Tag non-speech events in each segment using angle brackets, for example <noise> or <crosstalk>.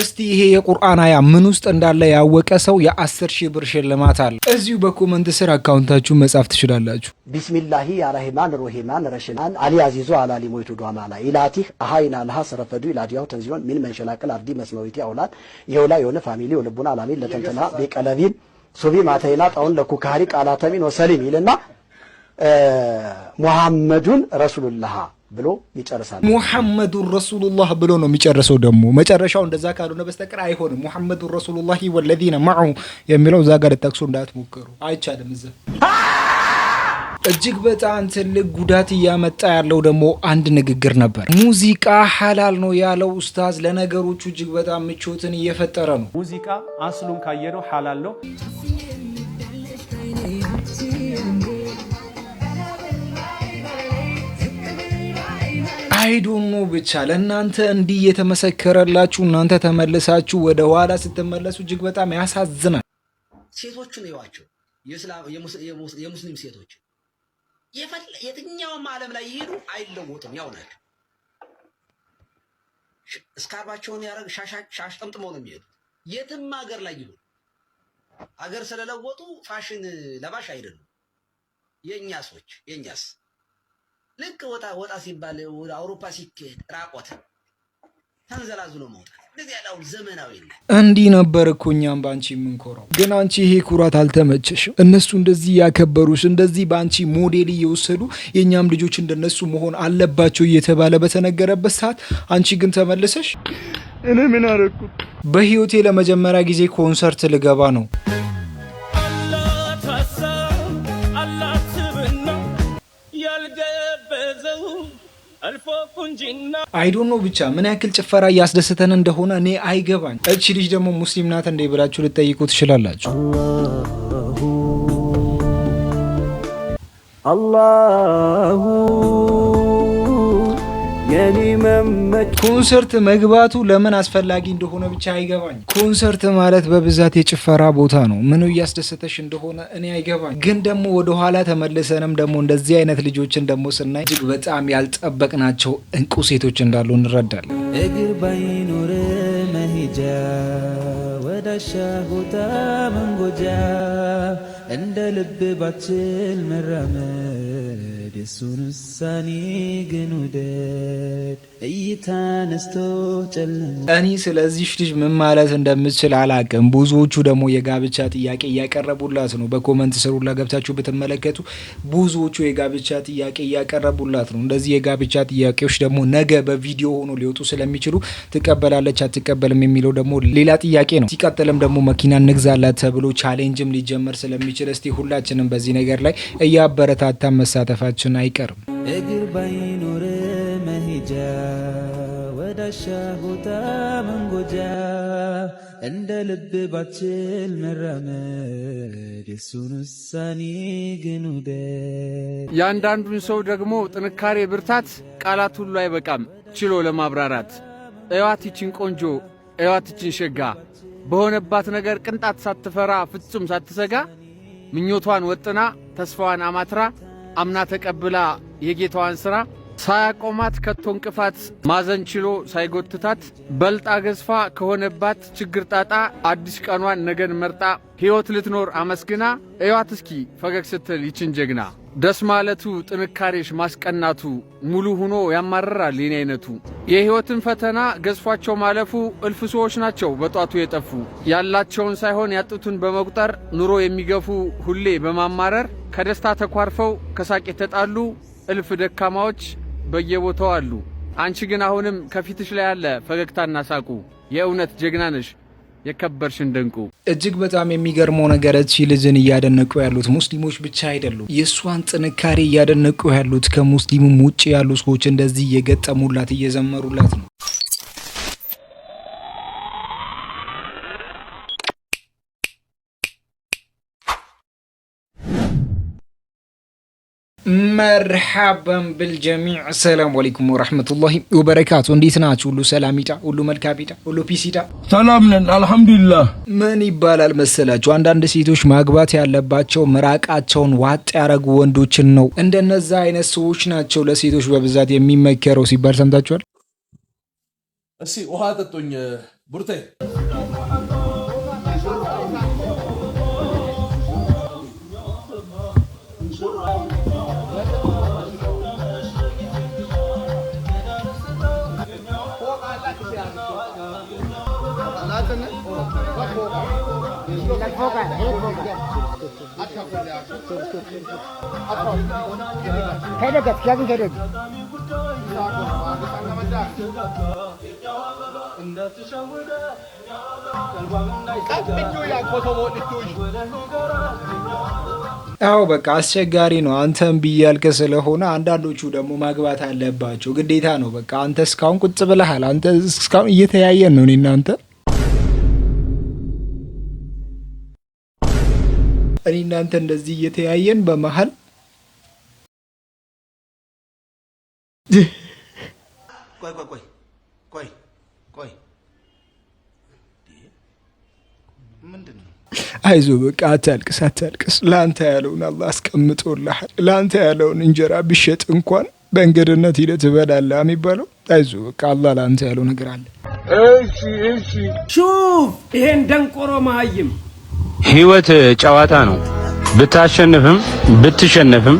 እስቲ ይሄ የቁርአን አያ ምን ውስጥ እንዳለ ያወቀ ሰው የ10 ሺህ ብር ሽልማት አለ። እዚሁ በኮመንት ስር አካውንታችሁን መጻፍ ትችላላችሁ። ቢስሚላሂ ያራሂማን ሮሂማን ረሽማን አሊ አዚዙ አላሊ ሞይቱ ዷማላ ኢላቲህ አሃይና ለሃ ሰረፈዱ ኢላዲያው ተንዚሆን ሚን መንሸላቅል አብዲ መስመዊቲ አውላድ የውላ የሆነ ፋሚሊ ወልቡና አላሚን ለተንተና ቤቀለቢን ሱቢ ማተይና ጣውን ለኩካሪ ቃላተሚን ወሰሊም ይልና ሙሐመዱን ረሱሉላሃ ብሎ ይጨርሳል። ሙሐመዱን ረሱሉላህ ብሎ ነው የሚጨርሰው። ደግሞ መጨረሻው እንደዛ ካልሆነ በስተቀር አይሆንም። ሙሐመዱን ረሱሉላህ ወለዚነ ማዑ የሚለው እዛ ጋር ጠቅሶ እንዳትሞክሩ አይቻልም። እዛ እጅግ በጣም ትልቅ ጉዳት እያመጣ ያለው ደግሞ አንድ ንግግር ነበር። ሙዚቃ ሀላል ነው ያለው ኡስታዝ ለነገሮቹ እጅግ በጣም ምቾትን እየፈጠረ ነው። ሙዚቃ አስሉን ካየነው ሀላል ነው አይ ዶኖ ብቻ ለእናንተ እንዲህ የተመሰከረላችሁ እናንተ ተመልሳችሁ ወደ ኋላ ስትመለሱ እጅግ በጣም ያሳዝናል። ሴቶቹን ይዋቸው የሙስሊም ሴቶች የትኛውም ዓለም ላይ ይሄዱ አይለወጡም፣ ያው ናቸው። እስካርባቸውን ያደረግ ሻሽ ጠምጥመው ነው የሚሄዱ የትም ሀገር ላይ ይሉ ሀገር ስለለወጡ ፋሽን ለባሽ አይደሉም። የእኛ ሰዎች የእኛስ ልክ ወጣ ወጣ ሲባል አውሮፓ ሲካሄድ ራቆት ተንዘላዝሎ መውጣት እንዲህ ነበር እኮ እኛም በአንቺ የምንኮራው። ግን አንቺ ይሄ ኩራት አልተመቸሽም። እነሱ እንደዚህ ያከበሩሽ እንደዚህ በአንቺ ሞዴል እየወሰዱ የእኛም ልጆች እንደነሱ መሆን አለባቸው እየተባለ በተነገረበት ሰዓት አንቺ ግን ተመልሰሽ እኔ ምን አደረኩ? በህይወቴ ለመጀመሪያ ጊዜ ኮንሰርት ልገባ ነው አይዶኖ ብቻ ምን ያክል ጭፈራ እያስደሰተን እንደሆነ እኔ አይገባኝ። እቺ ልጅ ደግሞ ሙስሊም ናት እንዴ ብላችሁ ልጠይቁ ትችላላችሁ። አላሁ ኮንሰርት መግባቱ ለምን አስፈላጊ እንደሆነ ብቻ አይገባኝ። ኮንሰርት ማለት በብዛት የጭፈራ ቦታ ነው። ምኑ እያስደሰተሽ እንደሆነ እኔ አይገባኝ። ግን ደግሞ ወደኋላ ተመልሰንም ደግሞ እንደዚህ አይነት ልጆችን ደግሞ ስናይ እጅግ በጣም ያልጠበቅናቸው እንቁ ሴቶች እንዳሉ እንረዳለን። እግር ባይኖር መሄጃ ወዳሻ ቦታ መንጎጃ እንደ ልብ ባችል መራመድ ውሳኔ ግን ውደድ እኔ ስለዚህ ልጅ ምን ማለት እንደምችል አላቅም። ብዙዎቹ ደግሞ የጋብቻ ጥያቄ እያቀረቡላት ነው። በኮመንት ስሩ ላገብታችሁ ብትመለከቱ ብዙዎቹ የጋብቻ ጥያቄ እያቀረቡላት ነው። እንደዚህ የጋብቻ ጥያቄዎች ደግሞ ነገ በቪዲዮ ሆኖ ሊወጡ ስለሚችሉ ትቀበላለች አትቀበልም የሚለው ደግሞ ሌላ ጥያቄ ነው። ሲቀጥልም ደግሞ መኪና እንግዛላት ተብሎ ቻሌንጅም ሊጀመር ስለሚችል እስቲ ሁላችንም በዚህ ነገር ላይ እያበረታታ መሳተፋችን መሆናችን አይቀርም። እግር ባይኖር መሄጃ ወዳሻ ቦታ መንጎጃ እንደ ልብ ባችል መራመድ የሱን ውሳኔ ግን የአንዳንዱን ሰው ደግሞ ጥንካሬ፣ ብርታት ቃላት ሁሉ አይበቃም ችሎ ለማብራራት። እዋትችን ቆንጆ እዋትችን ሸጋ በሆነባት ነገር ቅንጣት ሳትፈራ ፍጹም ሳትሰጋ ምኞቷን ወጥና ተስፋዋን አማትራ አምና ተቀብላ የጌታዋን ሥራ ሳያቆማት ከቶ እንቅፋት ማዘን ችሎ ሳይጎትታት በልጣ ገዝፋ ከሆነባት ችግር ጣጣ አዲስ ቀኗን ነገን መርጣ ሕይወት ልትኖር አመስግና እዋት እስኪ ፈገግ ስትል ይችን ጀግና ደስ ማለቱ ጥንካሬሽ ማስቀናቱ ሙሉ ሆኖ ያማርራል የኔ አይነቱ። የህይወትን ፈተና ገዝፏቸው ማለፉ እልፍ ሰዎች ናቸው በጧቱ የጠፉ ያላቸውን ሳይሆን ያጡትን በመቁጠር ኑሮ የሚገፉ ሁሌ በማማረር ከደስታ ተኳርፈው ከሳቅ የተጣሉ እልፍ ደካማዎች በየቦታው አሉ። አንቺ ግን አሁንም ከፊትሽ ላይ ያለ ፈገግታና ሳቁ የእውነት ጀግና ነሽ። የከበርሽን ድንቁ እጅግ በጣም የሚገርመው ነገር እቺ ልጅን እያደነቁ ያሉት ሙስሊሞች ብቻ አይደሉም። የእሷን ጥንካሬ እያደነቁ ያሉት ከሙስሊሙም ውጭ ያሉ ሰዎች እንደዚህ እየገጠሙላት እየዘመሩላት ነው። መርሓበን ብልጀሚዕ ሰላም አለይኩም ወረሕመቱላሂ ወበረካቱ። እንዴት ናችሁ? ሁሉ ሰላም ይጣ፣ ሁሉ መልካም ይጣ፣ ሁሉ ፒስ ይጣ። ሰላም ነን አልሐምዱሊላህ። ምን ይባላል መሰላችሁ፣ አንዳንድ ሴቶች ማግባት ያለባቸው ምራቃቸውን ዋጥ ያደረጉ ወንዶችን ነው። እንደነዛ አይነት ሰዎች ናቸው ለሴቶች በብዛት የሚመከረው ሲባል ሰምታችኋል። እስኪ ውሃ ጠጡኝ ቡርቴ አዎ በቃ አስቸጋሪ ነው። አንተም ብያልክ ስለሆነ አንዳንዶቹ ደግሞ ማግባት አለባቸው ግዴታ ነው። በቃ አንተ እስካሁን ቁጭ ብለሃል። አንተ እስካሁን እየተያየን ነው እኔ እናንተ እኔ እናንተ እንደዚህ እየተያየን በመሀል ቆይ ቆይ ቆይ ቆይ ቆይ ምንድን ነው? አይዞ በቃ አታልቅስ፣ አታልቅስ። ለአንተ ያለውን አላህ አስቀምጦልሃል። ለአንተ ያለውን እንጀራ ቢሸጥ እንኳን በእንግድነት ሂደህ ትበላለህ የሚባለው። አይዞ በቃ አላህ ለአንተ ያለው ነገር አለ። እሺ፣ እሺ። ሹፍ ይሄን ደንቆሮ መሀይም ህይወት ጨዋታ ነው። ብታሸንፍም ብትሸነፍም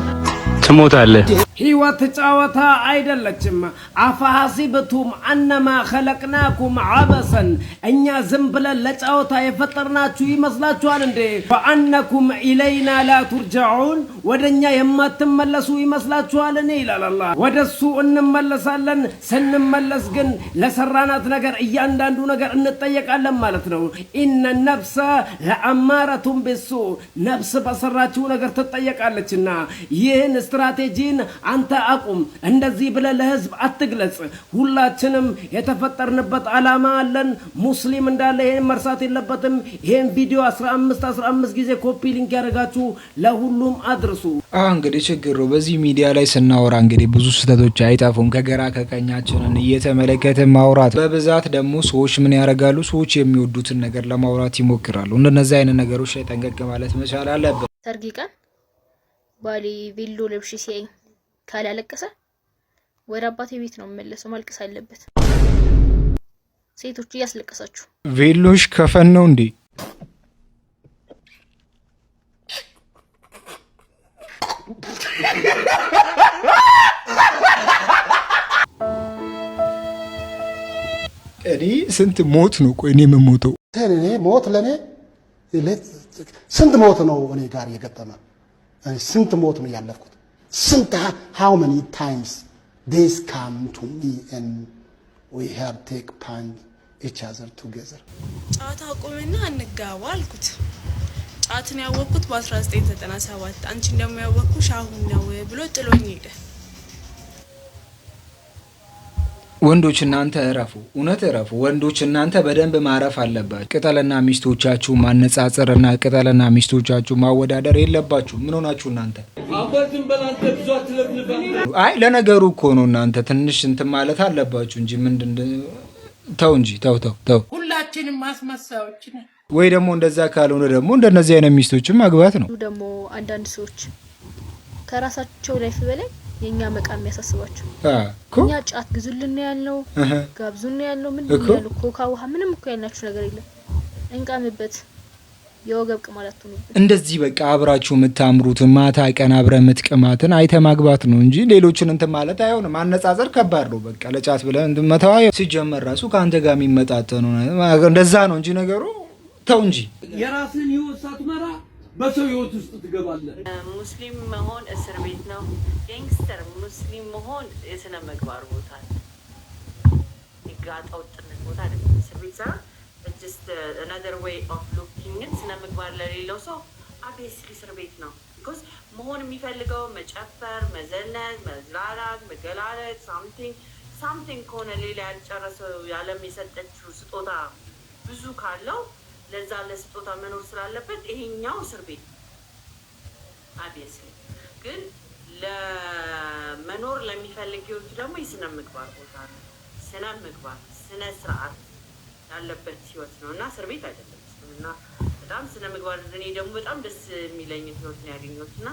ትሞታለህ። ህይወት ጨዋታ አይደለችም። አፈሐሲብቱም አነማ ኸለቅናኩም አበሰን፣ እኛ ዝም ብለን ለጨዋታ የፈጠርናችሁ ይመስላችኋል እንዴ? ወአነኩም ኢለይና ላ ቱርጀዑን፣ ወደ እኛ የማትመለሱ ይመስላችኋል? እኔ ይላል አላህ። ወደ እሱ እንመለሳለን። ስንመለስ ግን ለሰራናት ነገር እያንዳንዱ ነገር እንጠየቃለን ማለት ነው። ኢነ ነፍሰ ለአማረቱም ብሱ ነፍስ በሰራችው ነገር ትጠየቃለችና ይህን ስትራቴጂን አንተ አቁም፣ እንደዚህ ብለህ ለህዝብ አትግለጽ። ሁላችንም የተፈጠርንበት አላማ አለን። ሙስሊም እንዳለ ይህ መርሳት የለበትም። ይህን ቪዲዮ 15 15 ጊዜ ኮፒ ሊንክ ያደርጋችሁ ለሁሉም አድርሱ። አዎ እንግዲህ ችግሩ በዚህ ሚዲያ ላይ ስናወራ እንግዲህ ብዙ ስህተቶች አይጠፉም። ከግራ ከቀኛችንን እየተመለከተ ማውራት በብዛት ደግሞ ሰዎች ምን ያደርጋሉ? ሰዎች የሚወዱትን ነገር ለማውራት ይሞክራሉ። እንደነዚህ አይነት ነገሮች ላይ ጠንቀቅ ማለት መቻል አለብን። ሰርግ ቀን ባሌ ቬሎ ለብሼ ሲያይ ካላለቀሰ ወደ አባቴ ቤት ነው የምመለሰው። ማልቀስ አለበት። ሴቶቹ እያስለቀሳችሁ ቬሎሽ ከፈን ነው እንዴ? እኔ ስንት ሞት ነው? ቆይ እኔ የምሞተው ሞት ለእኔ ስንት ሞት ነው እኔ ጋር የገጠመ ስንት ሞት ነው ያለፍኩት? ስንት ሃው መኒ ታይምስ ዴስ ካም ቱ ሚ ን ዊ ሃቭ ቴክ ፓንድ ኢች አዘር ቱጌዘር። ጫት አቁምና እንጋባ አልኩት። ጫትን ያወቅኩት በ1997 አንቺ እንደሚያወቅኩሽ አሁን ነው ብሎ ጥሎኝ ሄደ። ወንዶች እናንተ እረፉ፣ እውነት እረፉ። ወንዶች እናንተ በደንብ ማረፍ አለባችሁ። ቅጠልና ሚስቶቻችሁ ማነጻጸርና ቅጠልና ሚስቶቻችሁ ማወዳደር የለባችሁ። ምን ሆናችሁ እናንተ? አይ ለነገሩ እኮ ነው እናንተ ትንሽ እንትን ማለት አለባችሁ እንጂ ምንድን ተው እንጂ ተው ተው ተው። ሁላችንም ማስመሳዎች ነን ወይ ደግሞ እንደዛ ካልሆነ ደግሞ እንደነዚህ አይነት ሚስቶችን ማግባት ነው ደግሞ አንዳንድ ሰዎች ከራሳቸው ላይፍ በላይ የእኛ መቃ የሚያሳስባቸው እኛ ጫት ግዙልን ያልነው ጋብዙን ያልነው ምንድን ያለው ኮካ፣ ውሃ ምንም እኮ ያልናችሁ ነገር የለም። እንቃምበት የወገብ ቅማላት እንደዚህ በቃ አብራችሁ የምታምሩትን ማታ ቀን አብረ የምትቅማትን አይተ ማግባት ነው እንጂ ሌሎችን እንትን ማለት አይሆንም። ማነጻጸር ከባድ ነው። በቃ ለጫት ብለ መተዋ ሲጀመር ራሱ ከአንተ ጋር የሚመጣጠኑ እንደዛ ነው እንጂ ነገሩ ተው እንጂ የራስን ህይወት ሳትመራ በሰው ህይወት ውስጥ ትገባለህ። ሙስሊም መሆን እስር ቤት ነው። ጋንግስተር ሙስሊም መሆን የስነ ምግባር ቦታ ነው። የጋጣ ወጥነት ቦታ አይደለም። እስር ቤት ሳይሆን ጀስት አናዘር ዌይ ኦፍ ሉኪንግ ስነ ምግባር ለሌለው ሰው አቤስሊ እስር ቤት ነው። ቢኮዝ መሆን የሚፈልገው መጨፈር፣ መዘነዝ፣ መዝላላት፣ መገላለጥ ሳምቲንግ ሳምቲንግ ከሆነ ሌላ ያልጨረሰው የዓለም የሰጠችው ስጦታ ብዙ ካለው ለዛ ለስጦታ መኖር ስላለበት ይሄኛው እስር ቤት አቤስ ግን ለመኖር ለሚፈልግ ህይወቱ ደግሞ የስነ ምግባር ቦታ ነው። ስነ ምግባር፣ ስነ ስርዓት ያለበት ህይወት ነው እና እስር ቤት አይደለም። እና በጣም ስነ ምግባር እኔ ደግሞ በጣም ደስ የሚለኝ ህይወት ነው ያገኘሁት እና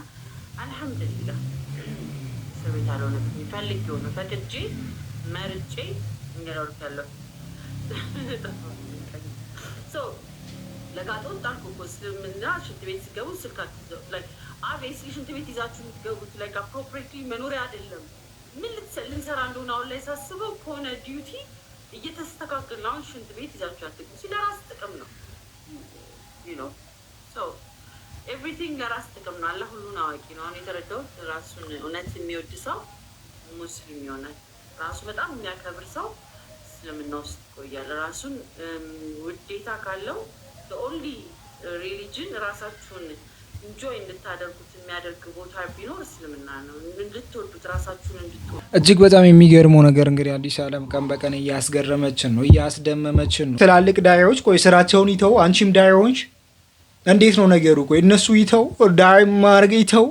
አልሐምዱሊላህ እስር ቤት አልሆነ የሚፈልግ የሆነ ፈቅጄ መርጬ እንገለሩት ያለሁ <laughs> ለጋጦን ጣልኩ እኮ እስልምና ሽንት ቤት ሲገቡ ስልካችሁ ላይ አቤስሊ ሽንት ቤት ይዛችሁ የምትገቡት ላይ አፕሮፕሬትሊ መኖሪያ አይደለም። ምን ልንሰራ እንደሆነ አሁን ላይ ሳስበው ከሆነ ዲዩቲ እየተስተካከልን አሁን ሽንት ቤት ይዛችሁ አትግቡ ሲል ለራስ ጥቅም ነው ነው ኤቭሪቲንግ ለራስ ጥቅም ነው። አላህ ሁሉን አዋቂ ነው። አሁን የተረዳሁት ራሱን እውነት የሚወድ ሰው ሙስሊም ይሆናል። ራሱ በጣም የሚያከብር ሰው እስልምና ውስጥ ይቆያል። ራሱን ውዴታ ካለው ኦንሊ ሪሊጅን uh, ራሳችሁን ኢንጆይ እንድታደርጉት የሚያደርግ ቦታ ቢኖር እስልምና ነው። እንድትወዱት ራሳችሁን እንድትወዱ እጅግ በጣም የሚገርመው ነገር እንግዲህ አዲስ ዓለም ቀን በቀን እያስገረመችን ነው፣ እያስደመመችን ነው። ትላልቅ ዳያዎች ቆይ ስራቸውን ይተው፣ አንቺም ዳያዎች እንዴት ነው ነገሩ? ቆይ እነሱ ይተው፣ ዳይ ማድረግ ይተው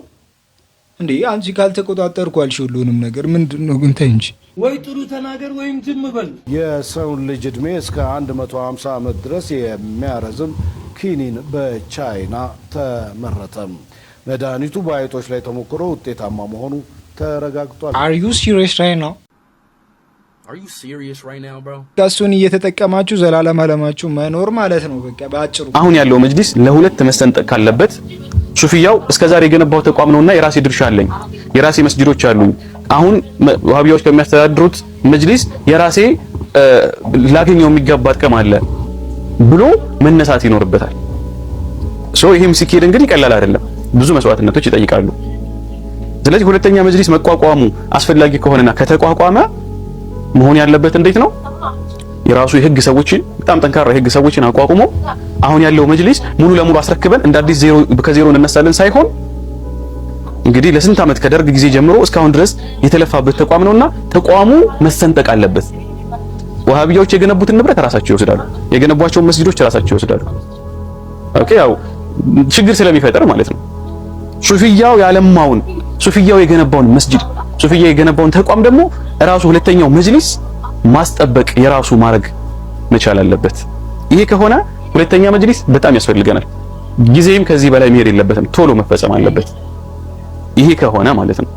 እንዴ! አንቺ ካልተቆጣጠርኩ አልሽ ሁሉንም ነገር ምንድን ነው ግን ተይ እንጂ ወይ ጥሩ ተናገር ወይም ዝም በል። የሰውን ልጅ ዕድሜ እስከ 150 ዓመት ድረስ የሚያረዝም ኪኒን በቻይና ተመረተም። መድኃኒቱ በአይጦች ላይ ተሞክሮ ውጤታማ መሆኑ ተረጋግጧል። አር ዩ ሲሪየስ ራይት ናው? እሱን እየተጠቀማችሁ ዘላለም አለማችሁ መኖር ማለት ነው። በቃ በአጭሩ አሁን ያለው መጅሊስ ለሁለት መሰንጠቅ ካለበት ሱፊያው እስከዛሬ የገነባው ተቋም ነውና የራሴ ድርሻ አለኝ፣ የራሴ መስጅዶች አሉኝ አሁን ዋህቢያዎች ከሚያስተዳድሩት መጅሊስ የራሴ ላገኘው የሚገባ ጥቅም አለ ብሎ መነሳት ይኖርበታል። ሶ ይህም ሲኬድ እንግዲህ ቀላል አይደለም፣ ብዙ መስዋዕትነቶች ይጠይቃሉ። ስለዚህ ሁለተኛ መጅሊስ መቋቋሙ አስፈላጊ ከሆነና ከተቋቋመ መሆን ያለበት እንዴት ነው? የራሱ የህግ ሰዎችን በጣም ጠንካራ የህግ ሰዎችን አቋቁሞ አሁን ያለው መጅሊስ ሙሉ ለሙሉ አስረክበን እንደ አዲስ ዜሮ ከዜሮ እንነሳለን ሳይሆን እንግዲህ ለስንት ዓመት ከደርግ ጊዜ ጀምሮ እስካሁን ድረስ የተለፋበት ተቋም ነውና ተቋሙ መሰንጠቅ አለበት። ወሃቢያዎች የገነቡትን ንብረት ራሳቸው ይወስዳሉ። የገነቧቸውን መስጊዶች ራሳቸው ይወስዳሉ። ኦኬ፣ ያው ችግር ስለሚፈጠር ማለት ነው። ሱፊያው ያለማውን ሱፊያው የገነባውን መስጊድ ሱፊያ የገነባውን ተቋም ደግሞ ራሱ ሁለተኛው መጅሊስ ማስጠበቅ የራሱ ማድረግ መቻል አለበት። ይሄ ከሆነ ሁለተኛ መጅሊስ በጣም ያስፈልገናል። ጊዜም ከዚህ በላይ መሄድ የለበትም። ቶሎ መፈጸም አለበት። ይሄ ከሆነ ማለት ነው።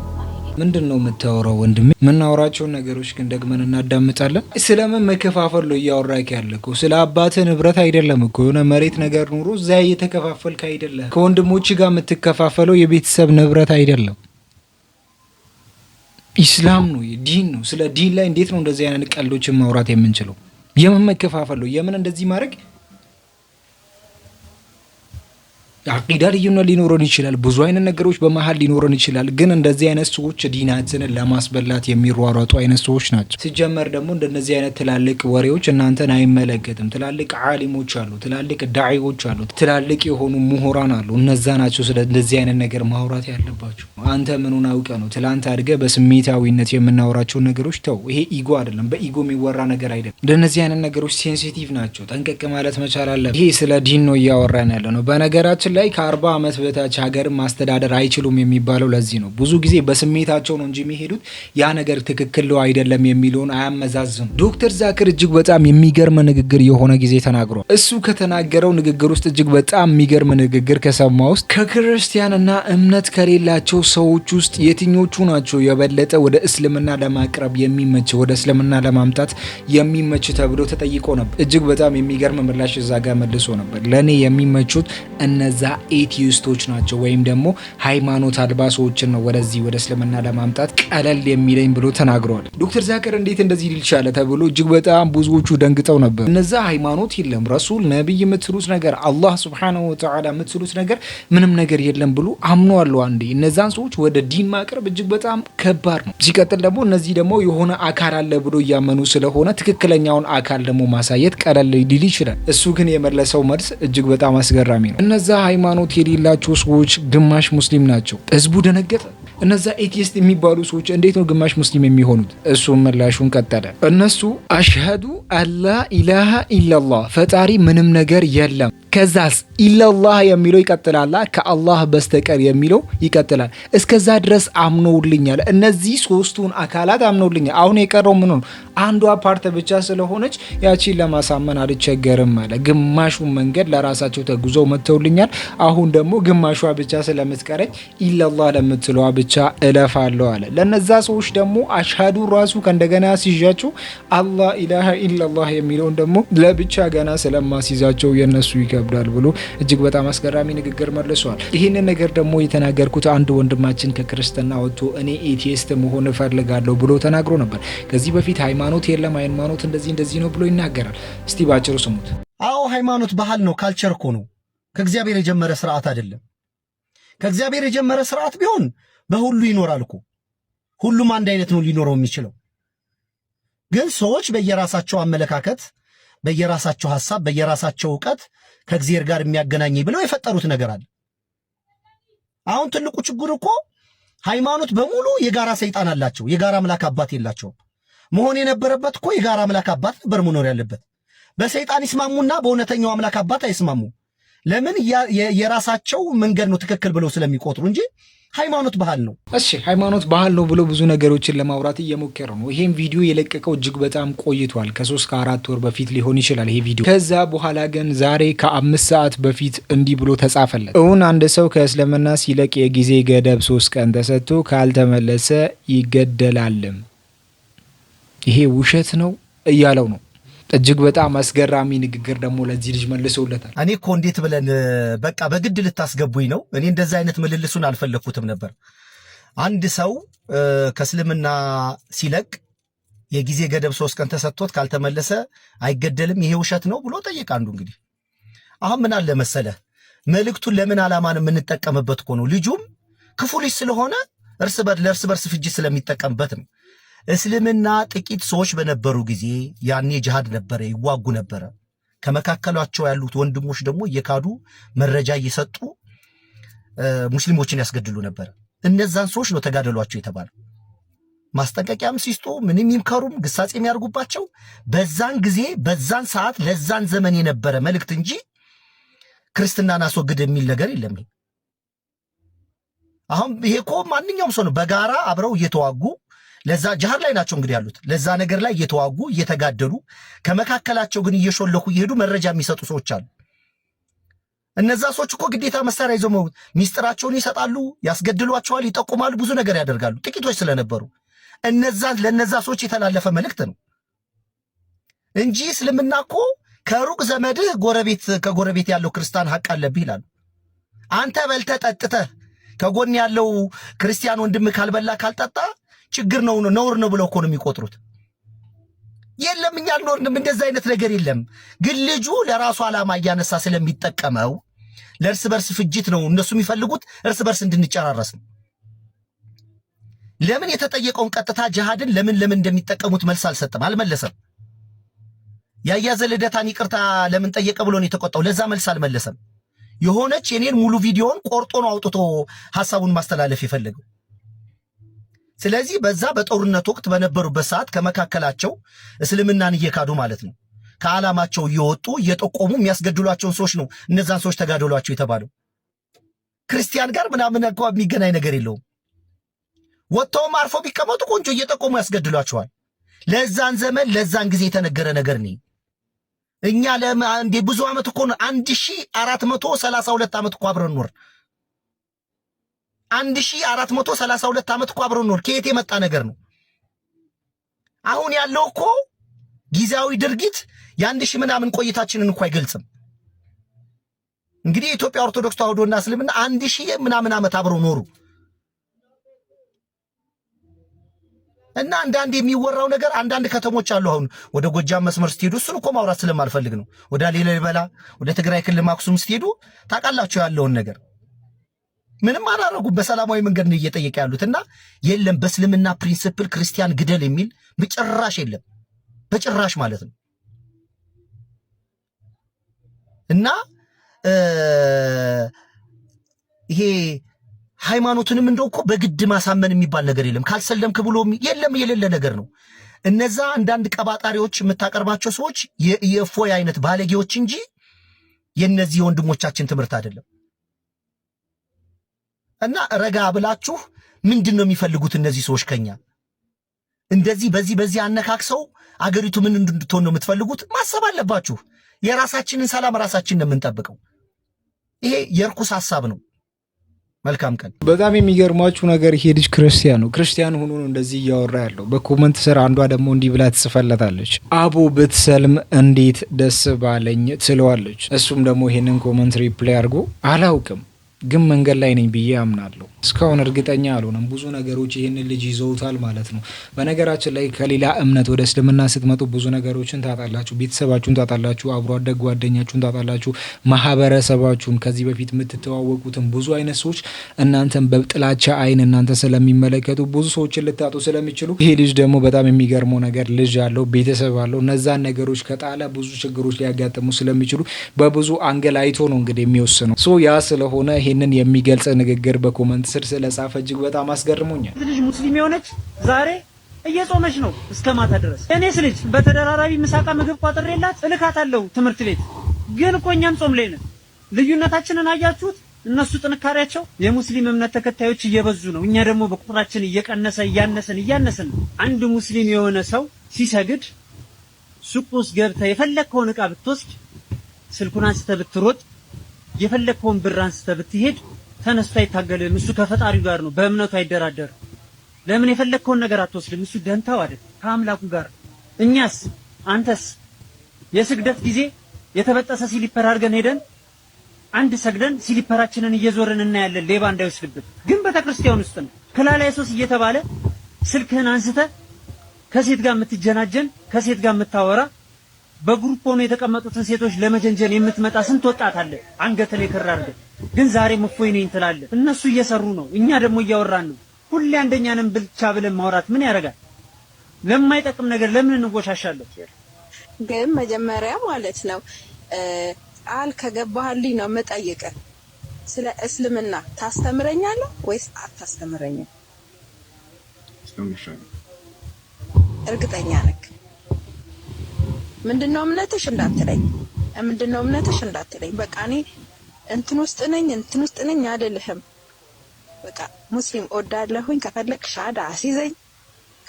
ምንድን ነው የምታወራው ወንድሜ? የምናወራቸውን ነገሮች ግን ደግመን እናዳምጣለን። ስለምን መከፋፈል ነው እያወራክ ያለ ስለ አባትህ ንብረት አይደለም እኮ የሆነ መሬት ነገር ኑሮ እዚያ እየተከፋፈልክ አይደለም። ከወንድሞች ጋር የምትከፋፈለው የቤተሰብ ንብረት አይደለም። ኢስላም ነው ዲን ነው። ስለ ዲን ላይ እንዴት ነው እንደዚህ አይነት ቀልዶችን ማውራት የምንችለው? የምን መከፋፈል ነው? የምን እንደዚህ ማድረግ አቂዳ ልዩነት ሊኖረን ይችላል። ብዙ አይነት ነገሮች በመሀል ሊኖረን ይችላል። ግን እንደዚህ አይነት ሰዎች ዲናችንን ለማስበላት የሚሯሯጡ አይነት ሰዎች ናቸው። ሲጀመር ደግሞ እንደነዚህ አይነት ትላልቅ ወሬዎች እናንተን አይመለከትም። ትላልቅ ዓሊሞች አሉ፣ ትላልቅ ዳዒዎች አሉ፣ ትላልቅ የሆኑ ምሁራን አሉ። እነዛ ናቸው ስለ እንደዚህ አይነት ነገር ማውራት ያለባቸው። አንተ ምኑን አውቀ ነው? ትላንት አድገ በስሜታዊነት የምናወራቸው ነገሮች ተው። ይሄ ኢጎ አይደለም፣ በኢጎ የሚወራ ነገር አይደለም። እንደነዚህ አይነት ነገሮች ሴንሲቲቭ ናቸው። ጠንቀቅ ማለት መቻል አለ። ይሄ ስለ ዲን ነው እያወራን ያለ ነው። በነገራችን ላይ ከአርባ ዓመት በታች ሀገር ማስተዳደር አይችሉም የሚባለው ለዚህ ነው። ብዙ ጊዜ በስሜታቸው ነው እንጂ የሚሄዱት ያ ነገር ትክክል ነው አይደለም የሚለውን አያመዛዝም ዶክተር ዛክር እጅግ በጣም የሚገርም ንግግር የሆነ ጊዜ ተናግሯል። እሱ ከተናገረው ንግግር ውስጥ እጅግ በጣም የሚገርም ንግግር ከሰማ ውስጥ ከክርስቲያንና እምነት ከሌላቸው ሰዎች ውስጥ የትኞቹ ናቸው የበለጠ ወደ እስልምና ለማቅረብ የሚመች ወደ እስልምና ለማምጣት የሚመች ተብሎ ተጠይቆ ነበር። እጅግ በጣም የሚገርም ምላሽ እዛ ጋር መልሶ ነበር። ለእኔ የሚመቹት እነዛ ኤቲዩስቶች ናቸው ወይም ደግሞ ሃይማኖት አልባ ሰዎችን ነው ወደዚህ ወደ እስልምና ለማምጣት ቀለል የሚለኝ ብሎ ተናግረዋል። ዶክተር ዛከር እንዴት እንደዚህ ሊል ቻለ ተብሎ እጅግ በጣም ብዙዎቹ ደንግጠው ነበር። እነዛ ሃይማኖት የለም ረሱል፣ ነቢይ የምትሉት ነገር አላህ ስብሓነሁ ወተዓላ የምትሉት ነገር ምንም ነገር የለም ብሎ አምኗለሁ አንዴ እነዛን ሰዎች ወደ ዲን ማቅረብ እጅግ በጣም ከባድ ነው። ሲቀጥል ደግሞ እነዚህ ደግሞ የሆነ አካል አለ ብሎ እያመኑ ስለሆነ ትክክለኛውን አካል ደግሞ ማሳየት ቀለል ሊል ይችላል። እሱ ግን የመለሰው መልስ እጅግ በጣም አስገራሚ ነው። እነዛ ሃይማኖት የሌላቸው ሰዎች ግማሽ ሙስሊም ናቸው። ህዝቡ ደነገጠ። እነዛ ኤቲስት የሚባሉ ሰዎች እንዴት ነው ግማሽ ሙስሊም የሚሆኑት? እሱም ምላሹን ቀጠለ። እነሱ አሽሃዱ አላ ኢላሃ ኢላላህ፣ ፈጣሪ ምንም ነገር የለም ከዛስ ኢለላህ የሚለው ይቀጥላል ከአላህ በስተቀር የሚለው ይቀጥላል። እስከዛ ድረስ አምነውልኛል። እነዚህ ሶስቱን አካላት አምነውልኛል። አሁን የቀረው ምን ነው? አንዷ ፓርት ብቻ ስለሆነች ያቺን ለማሳመን አልቸገርም አለ። ግማሹን መንገድ ለራሳቸው ተጉዘው መጥተውልኛል። አሁን ደግሞ ግማሿ ብቻ ስለምትቀረኝ ኢለላህ ለምትለዋ ብቻ እለፋለሁ አለ። ለነዛ ሰዎች ደግሞ አሽሃዱ ራሱ ከእንደገና ሲዣቸው አላህ ኢላሃ ኢለላህ የሚለውን ደግሞ ለብቻ ገና ስለማስይዛቸው የነሱ ይገባል። ይከብዳል ብሎ እጅግ በጣም አስገራሚ ንግግር መልሷል። ይህንን ነገር ደግሞ የተናገርኩት አንድ ወንድማችን ከክርስትና ወጥቶ እኔ ኤቲስት መሆን እፈልጋለሁ ብሎ ተናግሮ ነበር። ከዚህ በፊት ሃይማኖት የለም ሃይማኖት እንደዚህ እንደዚህ ነው ብሎ ይናገራል። እስቲ ባጭሩ ስሙት። አዎ ሃይማኖት ባህል ነው፣ ካልቸር እኮ ነው። ከእግዚአብሔር የጀመረ ስርዓት አይደለም። ከእግዚአብሔር የጀመረ ስርዓት ቢሆን በሁሉ ይኖራል እኮ ሁሉም አንድ አይነት ነው ሊኖረው የሚችለው። ግን ሰዎች በየራሳቸው አመለካከት፣ በየራሳቸው ሐሳብ፣ በየራሳቸው እውቀት ከእግዚአብሔር ጋር የሚያገናኘኝ ብለው የፈጠሩት ነገር አለ። አሁን ትልቁ ችግር እኮ ሃይማኖት በሙሉ የጋራ ሰይጣን አላቸው፣ የጋራ አምላክ አባት የላቸውም። መሆን የነበረበት እኮ የጋራ አምላክ አባት ነበር መኖር ያለበት። በሰይጣን ይስማሙና በእውነተኛው አምላክ አባት አይስማሙ። ለምን? የራሳቸው መንገድ ነው ትክክል ብለው ስለሚቆጥሩ እንጂ ሃይማኖት ባህል ነው። እሺ ሃይማኖት ባህል ነው ብሎ ብዙ ነገሮችን ለማውራት እየሞከረ ነው። ይሄም ቪዲዮ የለቀቀው እጅግ በጣም ቆይቷል። ከሶስት ከአራት ወር በፊት ሊሆን ይችላል ይሄ ቪዲዮ። ከዛ በኋላ ግን ዛሬ ከአምስት ሰዓት በፊት እንዲህ ብሎ ተጻፈለት። እውን አንድ ሰው ከእስልምና ሲለቅ የጊዜ ገደብ ሶስት ቀን ተሰጥቶ ካልተመለሰ ይገደላልም። ይሄ ውሸት ነው እያለው ነው እጅግ በጣም አስገራሚ ንግግር ደግሞ ለዚህ ልጅ መልሶለታል። እኔ እኮ እንዴት ብለን በቃ በግድ ልታስገቡኝ ነው? እኔ እንደዚ አይነት ምልልሱን አልፈለግኩትም ነበር። አንድ ሰው ከእስልምና ሲለቅ የጊዜ ገደብ ሶስት ቀን ተሰጥቶት ካልተመለሰ አይገደልም። ይሄ ውሸት ነው ብሎ ጠየቅ። አንዱ እንግዲህ አሁን ምን አለ መሰለ መልእክቱን ለምን ዓላማን የምንጠቀምበት እኮ ነው። ልጁም ክፉ ልጅ ስለሆነ እርስ በርስ ለእርስ በርስ ፍጅት ስለሚጠቀምበት ነው። እስልምና ጥቂት ሰዎች በነበሩ ጊዜ ያኔ ጅሃድ ነበረ፣ ይዋጉ ነበረ። ከመካከሏቸው ያሉት ወንድሞች ደግሞ እየካዱ መረጃ እየሰጡ ሙስሊሞችን ያስገድሉ ነበር። እነዛን ሰዎች ነው ተጋደሏቸው የተባለ። ማስጠንቀቂያም ሲስጡ ምንም ይምከሩም ግሳጼ የሚያርጉባቸው በዛን ጊዜ በዛን ሰዓት ለዛን ዘመን የነበረ መልእክት እንጂ ክርስትናን አስወግድ የሚል ነገር የለም። አሁን ይሄ እኮ ማንኛውም ሰው ነው በጋራ አብረው እየተዋጉ ለዛ ጃሃድ ላይ ናቸው እንግዲህ ያሉት። ለዛ ነገር ላይ እየተዋጉ እየተጋደሉ ከመካከላቸው ግን እየሾለኩ እየሄዱ መረጃ የሚሰጡ ሰዎች አሉ። እነዛ ሰዎች እኮ ግዴታ መሳሪያ ይዘው መውት ሚስጥራቸውን ይሰጣሉ፣ ያስገድሏቸዋል፣ ይጠቁማሉ፣ ብዙ ነገር ያደርጋሉ። ጥቂቶች ስለነበሩ እነዛ ለነዛ ሰዎች የተላለፈ መልእክት ነው እንጂ እስልምና እኮ ከሩቅ ዘመድህ ጎረቤት ከጎረቤት ያለው ክርስቲያን ሀቅ አለብህ ይላሉ። አንተ በልተህ ጠጥተህ ከጎን ያለው ክርስቲያን ወንድም ካልበላ ካልጠጣ ችግር ነው ነውር ነው ብለው እኮ ነው የሚቆጥሩት። የለም እኛ አልኖርንም፣ እንደዛ አይነት ነገር የለም። ግን ልጁ ለራሱ ዓላማ እያነሳ ስለሚጠቀመው ለእርስ በርስ ፍጅት ነው እነሱ የሚፈልጉት፣ እርስ በርስ እንድንጨራረስ ነው። ለምን የተጠየቀውን ቀጥታ ጅሃድን ለምን ለምን እንደሚጠቀሙት መልስ አልሰጥም፣ አልመለሰም። ያያዘ ልደታን ይቅርታ ለምን ጠየቀ ብሎ ነው የተቆጣው። ለዛ መልስ አልመለሰም። የሆነች የኔን ሙሉ ቪዲዮን ቆርጦ ነው አውጥቶ ሀሳቡን ማስተላለፍ የፈለገው። ስለዚህ በዛ በጦርነት ወቅት በነበሩበት ሰዓት ከመካከላቸው እስልምናን እየካዱ ማለት ነው ከዓላማቸው እየወጡ እየጠቆሙ የሚያስገድሏቸውን ሰዎች ነው እነዛን ሰዎች ተጋደሏቸው የተባለው። ክርስቲያን ጋር ምናምን እንኳ የሚገናኝ ነገር የለውም። ወጥተውም አርፎ ቢቀመጡ ቆንጆ እየጠቆሙ ያስገድሏቸዋል። ለዛን ዘመን ለዛን ጊዜ የተነገረ ነገር ነ እኛ ለእንዴ ብዙ ዓመት እኮ አንድ ሺህ አራት መቶ ሰላሳ ሁለት ዓመት እኮ አብረን ኖር አንድ ሺህ አራት መቶ ሰላሳ ሁለት ዓመት እኮ አብረን ኖር ከየት የመጣ ነገር ነው? አሁን ያለው እኮ ጊዜያዊ ድርጊት የአንድ ሺህ ምናምን ቆይታችንን እኮ አይገልጽም። እንግዲህ የኢትዮጵያ ኦርቶዶክስ ተዋህዶና እስልምና አንድ ሺህ ምናምን ዓመት አብረው ኖሩ እና አንዳንድ የሚወራው ነገር አንዳንድ ከተሞች አሉ። አሁን ወደ ጎጃም መስመር ስትሄዱ እሱን እኮ ማውራት ስለማልፈልግ ነው። ወደ ላሊበላ፣ ወደ ትግራይ ክልል ማክሱም ስትሄዱ ታውቃላችሁ ያለውን ነገር ምንም አላረጉም። በሰላማዊ መንገድ ነው እየጠየቀ ያሉት እና የለም በእስልምና ፕሪንስፕል ክርስቲያን ግደል የሚል በጭራሽ የለም፣ በጭራሽ ማለት ነው እና ይሄ ሃይማኖትንም እንደው እኮ በግድ ማሳመን የሚባል ነገር የለም። ካልሰለምክ ብሎ የለም የሌለ ነገር ነው። እነዛ አንዳንድ ቀባጣሪዎች የምታቀርባቸው ሰዎች የእፎይ አይነት ባለጌዎች እንጂ የእነዚህ የወንድሞቻችን ትምህርት አይደለም። እና ረጋ ብላችሁ ምንድን ነው የሚፈልጉት እነዚህ ሰዎች ከኛ እንደዚህ በዚህ በዚህ አነካክሰው አገሪቱ ምን እንድትሆን ነው የምትፈልጉት? ማሰብ አለባችሁ። የራሳችንን ሰላም ራሳችን ነው የምንጠብቀው። ይሄ የርኩስ ሀሳብ ነው። መልካም ቀን። በጣም የሚገርማችሁ ነገር ይሄ ልጅ ክርስቲያን ነው። ክርስቲያን ሆኖ ነው እንደዚህ እያወራ ያለው። በኮመንት ስር አንዷ ደግሞ እንዲህ ብላ ትጽፈለታለች፣ አቦ ብትሰልም እንዴት ደስ ባለኝ ትለዋለች። እሱም ደግሞ ይሄንን ኮመንት ሪፕላይ አድርጎ አላውቅም ግን መንገድ ላይ ነኝ ብዬ አምናለሁ። እስካሁን እርግጠኛ አልሆነም። ብዙ ነገሮች ይህንን ልጅ ይዘውታል ማለት ነው። በነገራችን ላይ ከሌላ እምነት ወደ እስልምና ስትመጡ ብዙ ነገሮችን ታጣላችሁ። ቤተሰባችሁን ታጣላችሁ፣ አብሮ አደግ ጓደኛችሁን ታጣላችሁ፣ ማህበረሰባችሁን፣ ከዚህ በፊት የምትተዋወቁትን ብዙ አይነት ሰዎች እናንተን በጥላቻ አይን እናንተ ስለሚመለከቱ ብዙ ሰዎችን ልታጡ ስለሚችሉ፣ ይሄ ልጅ ደግሞ በጣም የሚገርመው ነገር ልጅ አለው፣ ቤተሰብ አለው። እነዛን ነገሮች ከጣለ ብዙ ችግሮች ሊያጋጥሙ ስለሚችሉ በብዙ አንገል አይቶ ነው እንግዲህ የሚወስነው ያ ስለሆነ ይህንን የሚገልጽ ንግግር በኮመንት ስር ስለጻፈ እጅግ በጣም አስገርሞኛል። ልጅ ሙስሊም የሆነች ዛሬ እየጾመች ነው እስከ ማታ ድረስ። እኔስ ልጅ በተደራራቢ ምሳቃ ምግብ ቋጥሬላት እልካታለሁ ትምህርት ቤት። ግን እኮ እኛም ጾም ላይ ነን። ልዩነታችንን አያችሁት? እነሱ ጥንካሬያቸው የሙስሊም እምነት ተከታዮች እየበዙ ነው። እኛ ደግሞ በቁጥራችን እየቀነሰ እያነስን እያነስን አንድ ሙስሊም የሆነ ሰው ሲሰግድ ሱቅ ውስጥ ገብተህ የፈለግከውን እቃ ብትወስድ ስልኩን አንስተህ ብትሮጥ የፈለግከውን ብር አንስተ ብትሄድ ተነስቶ አይታገልም። እሱ ከፈጣሪው ጋር ነው፣ በእምነቱ አይደራደርም። ለምን የፈለግከውን ነገር አትወስድም? እሱ ደንታው አይደል ከአምላኩ ጋር። እኛስ አንተስ የስግደት ጊዜ የተበጠሰ ሲሊፐር አድርገን ሄደን አንድ ሰግደን ሲሊፐራችንን እየዞርን እናያለን ሌባ እንዳይወስድብን። ግን ቤተክርስቲያን ውስጥ ነው ክላላ ሶስ እየተባለ ስልክህን አንስተ ከሴት ጋር የምትጀናጀን ከሴት ጋር የምታወራ በግሩፕ ሆኖ የተቀመጡትን ሴቶች ለመጀንጀን የምትመጣ ስንት ወጣት አለ። አንገት ላይ ክር አድርገህ ግን ዛሬ እፎይ ነኝ ትላለህ። እነሱ እየሰሩ ነው፣ እኛ ደግሞ እያወራን ነው። ሁሌ አንደኛንም ብልቻ ብለን ማውራት ምን ያደርጋል? ለማይጠቅም ነገር ለምን እንወሻሻለን? ግን መጀመሪያ ማለት ነው ቃል ከገባህልኝ ነው የምጠይቅህ። ስለ እስልምና ታስተምረኛለህ ወይስ አታስተምረኝም? እርግጠኛ ነህ? ምንድነው እምነትሽ እንዳትለኝ፣ ምንድነው እምነትሽ እንዳትለኝ። በቃ እኔ እንትን ውስጥ ነኝ እንትን ውስጥ ነኝ አልልህም። በቃ ሙስሊም ወዳለሁኝ። ከፈለክ ሻዳ አስይዘኝ፣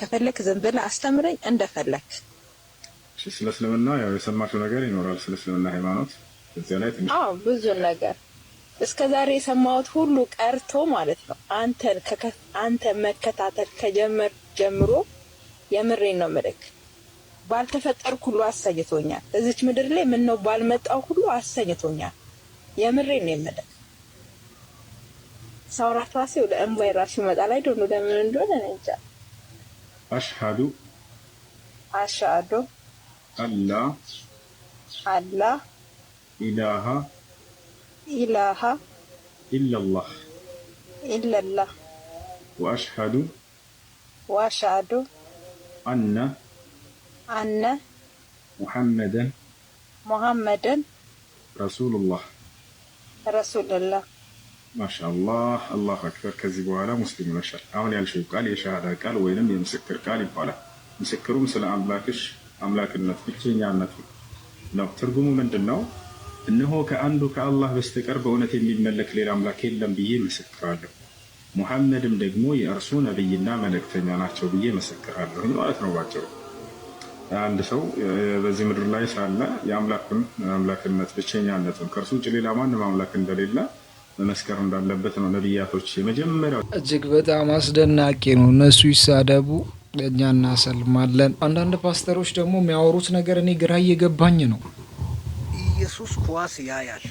ከፈለክ ዝም ብለህ አስተምረኝ፣ እንደፈለክ። እሺ፣ ስለ እስልምና ያው የሰማሽው ነገር ይኖራል፣ ስለ እስልምና ሃይማኖት እዚያ ላይ ትንሽ አዎ፣ ብዙ ነገር እስከ ዛሬ የሰማሁት ሁሉ ቀርቶ ማለት ነው። አንተን አንተ መከታተል ከጀመር ጀምሮ የምሬን ነው ምልክ ባልተፈጠርኩ ሁሉ አሰኝቶኛል። እዚች ምድር ላይ ምን ነው ባልመጣው ሁሉ አሰኝቶኛል። የምሬን ነው የምልህ። ሰው ራሴ ወደ እንባይ ራሱ ይመጣል። አይ ዶንት ኖ ለምን እንደሆነ እኔ እንጃ። አሽሃዱ አሽሃዱ አላ አላ ኢላሃ ኢላሃ ኢላላህ ኢላላህ ወአሽሃዱ ወአሽሃዱ አና አነ محمدا محمدا رسول الله ማሻአላህ አላሁ አክበር። ከዚህ በኋላ ሙስሊም ይመሻል። አሁን ያልሽው ቃል የሻሃዳ ቃል ወይንም የምስክር ቃል ይባላል። ምስክሩም ስለ አምላክሽ አምላክነት ብቸኛነት ነው። ትርጉሙ ምንድን ነው? እነሆ ከአንዱ ከአላህ በስተቀር በእውነት የሚመለክ ሌላ አምላክ የለም ብዬ መሰክራለሁ። ሙሐመድም ደግሞ የእርሱ ነብይና መልእክተኛ ናቸው ብዬ መሰክራለሁ ማለት ነው ባጭሩ። አንድ ሰው በዚህ ምድር ላይ ሳለ የአምላክን አምላክነት ብቸኛነትን ከእርሱ ውጭ ሌላ ማንም አምላክ እንደሌለ መመስከር እንዳለበት ነው ነቢያቶች የመጀመሪያው። እጅግ በጣም አስደናቂ ነው። እነሱ ይሳደቡ፣ እኛ እናሰልማለን። አንዳንድ ፓስተሮች ደግሞ የሚያወሩት ነገር እኔ ግራ እየገባኝ ነው። ኢየሱስ ኳስ ያያል።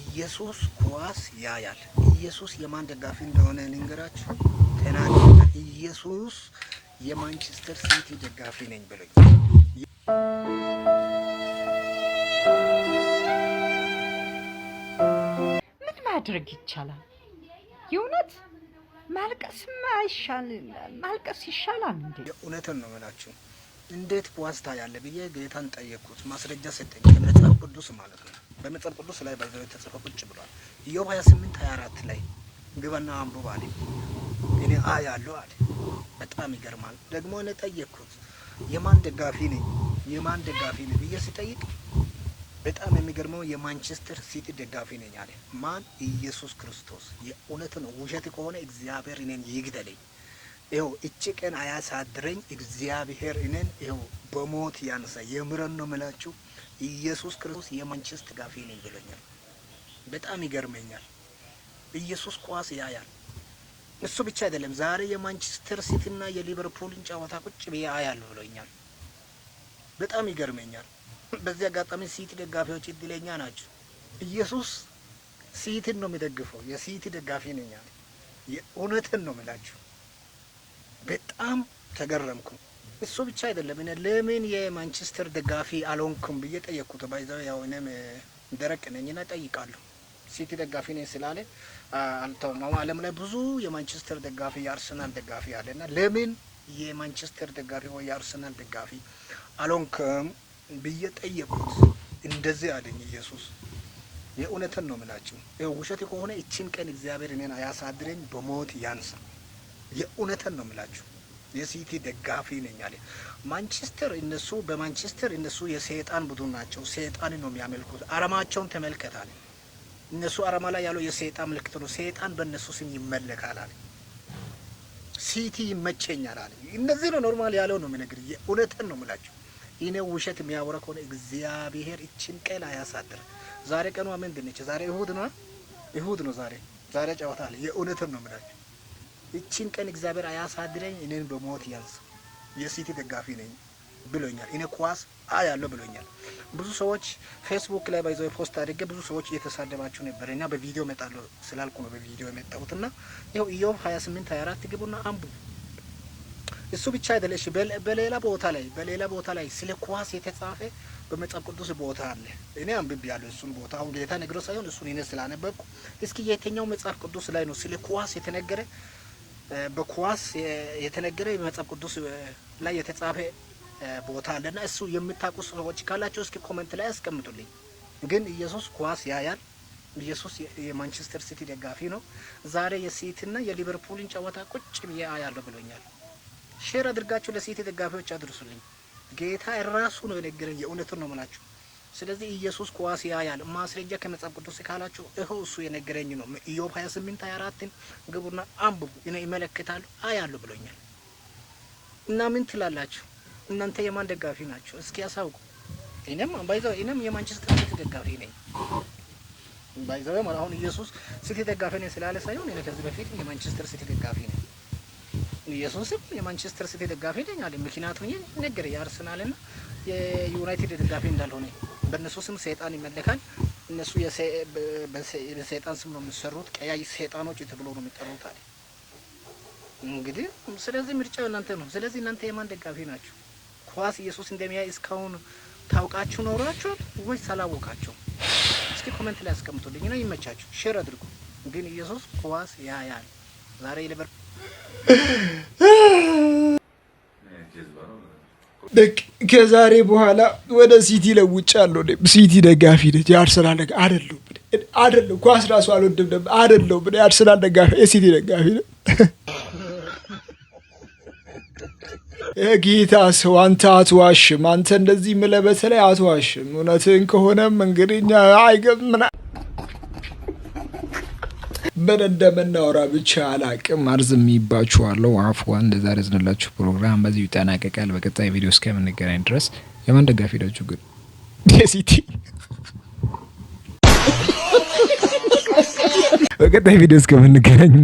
ኢየሱስ ኳስ ያያል። ኢየሱስ የማን ደጋፊ እንደሆነ ልንገራችሁ። ኢየሱስ የማንቸስተር ሲቲ ደጋፊ ነኝ ብሎኝ ምን ማድረግ ይቻላል? የእውነት ማልቀስ አይሻል ማልቀስ ይሻላል እንዴ? የእውነትን ነው ምላችሁ። እንዴት ዋስታ ያለ ብዬ ጌታን ጠየቅኩት። ማስረጃ ሰጠኝ፣ በመጽሐፍ ቅዱስ ማለት ነው። በመጽሐፍ ቅዱስ ላይ በዘ የተጽፈ ቁጭ ብሏል። ኢዮብ 28 24 ላይ ግባና አንብብ አለኝ። እኔ አያለሁ አለ። በጣም ይገርማል። ደግሞ እኔ ጠየቅኩት የማን ደጋፊ ነኝ የማን ደጋፊ ነኝ ብዬ ስጠይቅ በጣም የሚገርመው የማንቸስተር ሲቲ ደጋፊ ነኝ አለ። ማን? ኢየሱስ ክርስቶስ። የእውነት ነው። ውሸት ከሆነ እግዚአብሔር እኔን ይግደለኝ። ይኸው እቺ ቀን አያሳድረኝ እግዚአብሔር እኔን ይኸው በሞት ያነሳ። የምረን ነው የምላችሁ ኢየሱስ ክርስቶስ የማንቸስተር ደጋፊ ነኝ ብሎኛል። በጣም ይገርመኛል። ኢየሱስ ኳስ ያያል። እሱ ብቻ አይደለም። ዛሬ የማንቸስተር ሲቲ እና የሊቨርፑልን ጨዋታ ቁጭ ብዬ አያል ብሎኛል። በጣም ይገርመኛል። በዚህ አጋጣሚ ሲቲ ደጋፊዎች እድለኛ ናቸው። ኢየሱስ ሲቲን ነው የሚደግፈው። የሲቲ ደጋፊ ነኛ። የእውነትን ነው የምላችሁ። በጣም ተገረምኩ። እሱ ብቻ አይደለም። እኔ ለምን የማንቸስተር ደጋፊ አልሆንኩም ብዬ ጠየቅኩት። ባይዛው ያው እኔም ደረቅ ነኝና ጠይቃለሁ። ሲቲ ደጋፊ ነኝ ስላለ አንተው ዓለም ላይ ብዙ የማንቸስተር ደጋፊ የአርሰናል ደጋፊ አለና ለምን የማንቸስተር ደጋፊ ወይ የአርሰናል ደጋፊ አልሆንክም ብዬ ጠየቁት። እንደዚህ አለኝ ኢየሱስ። የእውነትን ነው ምላችሁ። ይኸው ውሸት ከሆነ እችን ቀን እግዚአብሔር እኔን አያሳድረኝ በሞት ያንሳ። የእውነትን ነው ምላችሁ። የሲቲ ደጋፊ ነኝ አለ። ማንቸስተር እነሱ በማንቸስተር እነሱ የሰይጣን ቡድን ናቸው። ሰይጣን ነው የሚያመልኩት። አረማቸውን ተመልከታል። እነሱ አረማ ላይ ያለው የሰይጣን ምልክት ነው። ሰይጣን በእነሱ ስም ይመለካል አለ። ሲቲ ይመቸኛል አለ። እነዚህ ነው ኖርማል ያለው ነው የሚነግር። እውነትን ነው የምላቸው። እኔ ውሸት የሚያወራ ከሆነ እግዚአብሔር እችን ቀን አያሳድር። ዛሬ ቀኗ ምንድን ነች? ዛሬ እሁድ ነው። እሁድ ነው ዛሬ። ዛሬ ጨዋታ አለ። የእውነትን ነው የምላቸው። እችን ቀን እግዚአብሔር አያሳድረኝ፣ እኔን በሞት ያዝ። የሲቲ ደጋፊ ነኝ ብሎኛል። እኔ ኳስ አያለሁ ብሎኛል። ብዙ ሰዎች ፌስቡክ ላይ ባይዘው ፖስት አድርጌ ብዙ ሰዎች እየተሳደባችሁ ነበር እኛ በቪዲዮ እመጣለሁ ስላልኩ ነው በቪዲዮ የመጣሁት። ና ይኸው ኢዮብ ሀያ ስምንት ሀያ አራት ግቡና አንቡ። እሱ ብቻ አይደለሽ በሌላ ቦታ ላይ በሌላ ቦታ ላይ ስለ ኳስ የተጻፈ በመጽሐፍ ቅዱስ ቦታ አለ። እኔ አንብብ ያለው እሱን ቦታ አሁን ጌታ ነግሮ ሳይሆን እሱን ይነ ስላነበብኩ፣ እስኪ የትኛው መጽሐፍ ቅዱስ ላይ ነው ስለ ኳስ የተነገረ በኳስ የተነገረ በመጽሐፍ ቅዱስ ላይ የተጻፈ ቦታ አለና እሱ የምታውቁ ሰዎች ካላቸው እስኪ ኮመንት ላይ አስቀምጡልኝ። ግን ኢየሱስ ኳስ ያያል። ኢየሱስ የማንቸስተር ሲቲ ደጋፊ ነው። ዛሬ የሲቲና የሊቨርፑልን ጨዋታ ቁጭ ብዬ አያለሁ ብሎኛል። ሼር አድርጋችሁ ለሲቲ ደጋፊዎች አድርሱልኝ። ጌታ ራሱ ነው የነገረኝ። የእውነቱን ነው የምላችሁ። ስለዚህ ኢየሱስ ኳስ ያያል። ማስረጃ ከመጽሐፍ ቅዱስ ካላችሁ ይኸው እሱ የነገረኝ ነው። ኢዮብ 28 24 ግቡና አንብቡ። ይመለከታሉ አያሉ ብሎኛል እና ምን ትላላችሁ? እናንተ የማን ደጋፊ ናቸው? እስኪ ያሳውቁ። እኔም ባይዘው እኔም የማንቸስተር ሲቲ ደጋፊ ነኝ። ባይዘው አሁን ኢየሱስ ሲቲ ደጋፊ ነኝ ስላለ ሳይሆን እኔ ከዚህ በፊት የማንቸስተር ሲቲ ደጋፊ ነኝ። ኢየሱስም የማንቸስተር ሲቲ ደጋፊ ነኝ አለ። ምክንያቱም ይሄን ነገር የአርሰናልና የዩናይትድ ደጋፊ እንዳልሆነ በእነሱ ስም ሰይጣን ይመለካል። እነሱ በሰይጣን ስም ነው የሚሰሩት። ቀያይ ሰይጣኖች ተብሎ ነው የሚጠሩት አለ። እንግዲህ ስለዚህ ምርጫው እናንተ ነው። ስለዚህ እናንተ የማን ደጋፊ ናቸው? ኳስ ኢየሱስ እንደሚያይ እስካሁን ታውቃችሁ ኖሯችሁት ወይ ሳላወቃችሁ? እስኪ ኮመንት ላይ አስቀምጡልኝ ነው። ይመቻችሁ፣ ሼር አድርጉ። ግን ኢየሱስ ኳስ ያያል። ዛሬ ሊቨር ከዛሬ በኋላ ወደ ሲቲ ለውጫለሁ። ሲቲ ደጋፊ ነኝ፣ የአርሰናል ደጋፊ አይደለሁም። አይደለሁ ኳስ ራሱ አልወድም። አይደለሁም የአርሰናል ደጋፊ፣ የሲቲ ደጋፊ ነው። ጌታ ሰው አንተ አትዋሽም፣ አንተ እንደዚህ ምለ በተለይ አትዋሽም። እውነትህን ከሆነም እንግዲህ እኛ አይገም ምን እንደምናወራ ብቻ አላቅም። አርዝ የሚባችኋለው አፍዋን ለዛሬ ያዝንላችሁ ፕሮግራም በዚህ ይጠናቀቃል። በቀጣይ ቪዲዮ እስከምንገናኝ ድረስ የማን ደጋፊ ናችሁ ግን ሲቲ በቀጣይ ቪዲዮ እስከምንገናኝ